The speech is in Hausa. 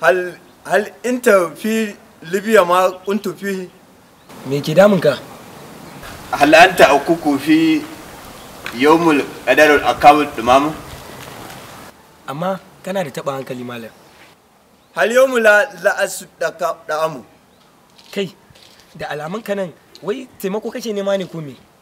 hal hal inta fi libya ma kun tafi? me ke damun ka hal anta akuku fi yawmul qadarul akabul dumamu amma kana da taba hankali malam hal yawmul la la'asu amu. kai da alaman kanan wai taimako kake nema ne ko me